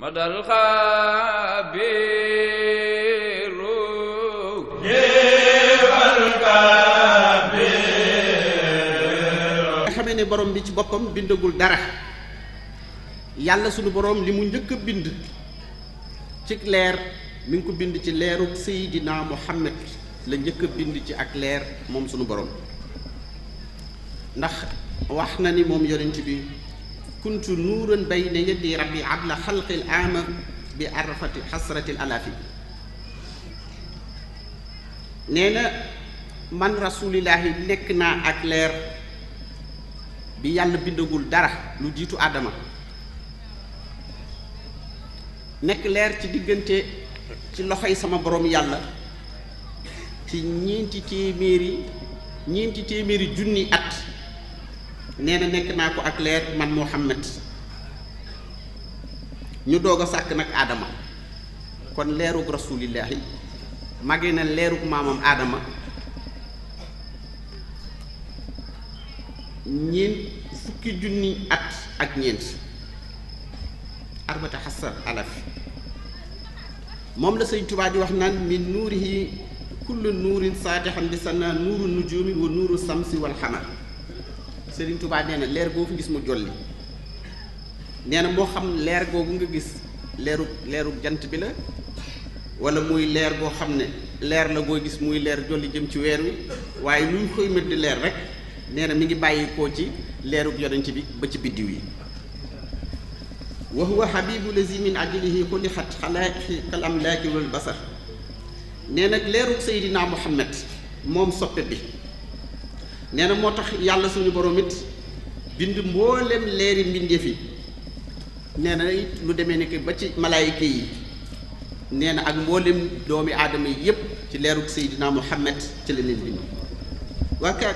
madal xabiru jéemal xabiru nga xamee ne borom bi ci boppam bindagul dara yàlla sunu borom li mu njëkk a bind ci leer mi ngi ko bind ci leerug Seydina Muhammad la njëkk bind ci ak leer moom sunu borom ndax wax na ni moom yonent bi kuntu nuuran bayna yaddi rabbi abla xalqil ama bi arfati xasratil alaafi nee na man rasuulillaahi nekk naa ak leer bi yàlla bindagul dara lu jiitu aadama nekk leer ci diggante ci loxoy sama boroom yàlla ci ñeenti ñeenti téeméeri junni at nee na nekk naa ko ak leer man Muhammad ñu doog a sàkk nag aadama kon leerug rasulillahi màggee na leerug maamam aadama ñeent fukki junni at ak ñeent arbata xasar alaf moom la sëñ Tuubaa di wax naan min nuurihi kullu nuurin saatixan bi sana nuuru nujumi wa nuuru samsi wal xamar Serigne Touba nee na leer boo fi gis mu jolli nee na moo xam leer googu nga gis leeru leeru jant bi la wala muy leer goo xam ne leer la goo gis muy leer jolli jëm ci weer wi waaye lu koy mët di leer rek nee na mi ngi bàyyi koo ci leerug yonent bi ba ci biddiw yi wa huwa habibu lazi min ajlihi xulixat xalaaqi kal amlaaki wal basar nee nag leerug Seydina Muhammad moom soppe bi nee na moo tax yàlla suñu borom bind mboolem leeri mbindeef yi nee na it lu demee ni ba ci malaayika yi nee na ak mboolem doomi aadama yi yépp ci leerug Seydina Muhammad ci la leen bind waka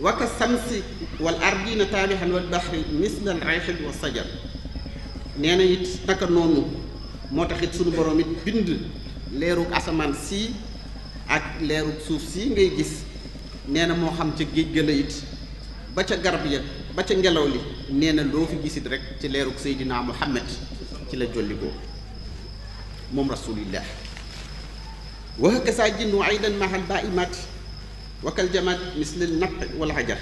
waka samsi wal ardina taabihan wal bahri misla al wa sajar nee na it naka noonu moo taxit suñu boromit it bind leerug asamaan sii ak leerug suuf si ngay gis nee na moo xam ca géej ga la it ba ca garab ya ba ca ngelaw li nee na loo fi gisit rek ci leerug Seydina Muhammad ci la jollikoo moom rasulillah wa hakaza jinnu aydan mahal baimat wakal jamaat misle napp wala xajar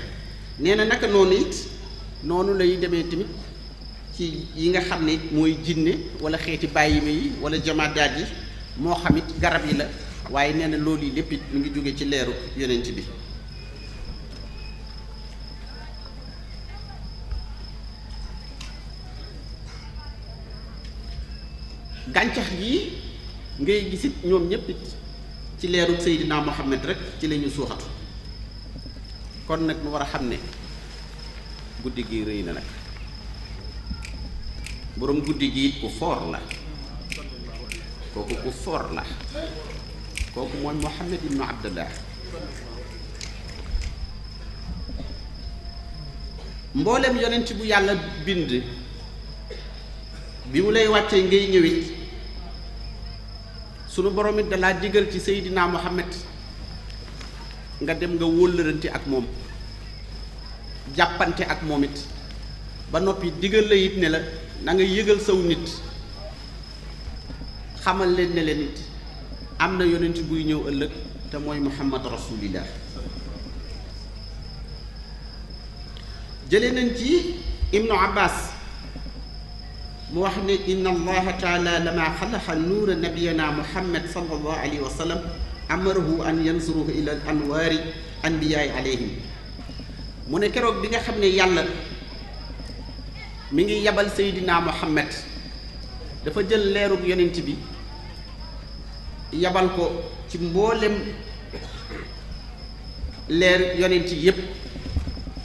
nee na naka noonu it noonu lay demee tamit ci yi nga xam ne it mooy jinne wala xeeti bàyyime yi wala jamaadaat yi moo xam it garab yi la waaye nee na loolu yi lépp it mu ngi jóge ci leeru yonent bi gàncax gi ngay gisit ñoom ñépp ci leerug Seydina Muhammad rek ci lañu ñu suuxatu kon nag mu war a xam ne guddi gi rëy na nag boroom guddi gi it kooku ku foor la kooku mooy Muhammad ibnu yonent bu yàlla bind bi mu lay wàccee ngay ñëwit sunu boromit it dalaa digal ci Seydina Muhammad nga dem nga wóllërante ak moom jàppante ak moom it ba noppi digal la it ne la na nga yëgal saw nit xamal leen ne leen am na yonent buy ñëw ëllëg te mooy muhammad rasulillah jële nañ ci ibnu abbas mu wax ne inna allaha taala lama xalaxa nuura nabiyana muhammad sallallahu alayhi wa sallam amarahu an yansuruhu ila al anwaari anbiyaay alayhim mu ne keroog bi nga xam ne yàlla mi ngi yabal seydina muhammad dafa jël leerug yonent bi yabal ko ci mboolem leer yonent yépp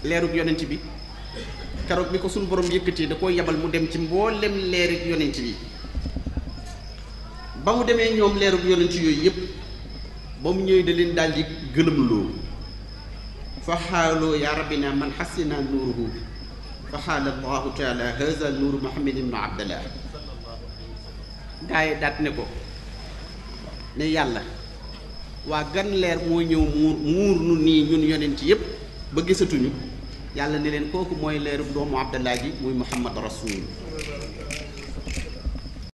leerug yonent bi keroog bi ko suñu borom yëkkatee da koo yabal mu dem ci mboolem leeru yonent yi ba mu demee ñoom leeru yooyu yëpp ba mu ñëwee da leen daal di gëlëmloo fa xaaloo yaa rabbina man xasina daat ne ko ne yàlla waa gan leer moo ñëw muur muur nii ñun yonent yëpp ba gisatuñu يالا نيلن كوكو موي لير دومو عبد الله جي موي محمد رسول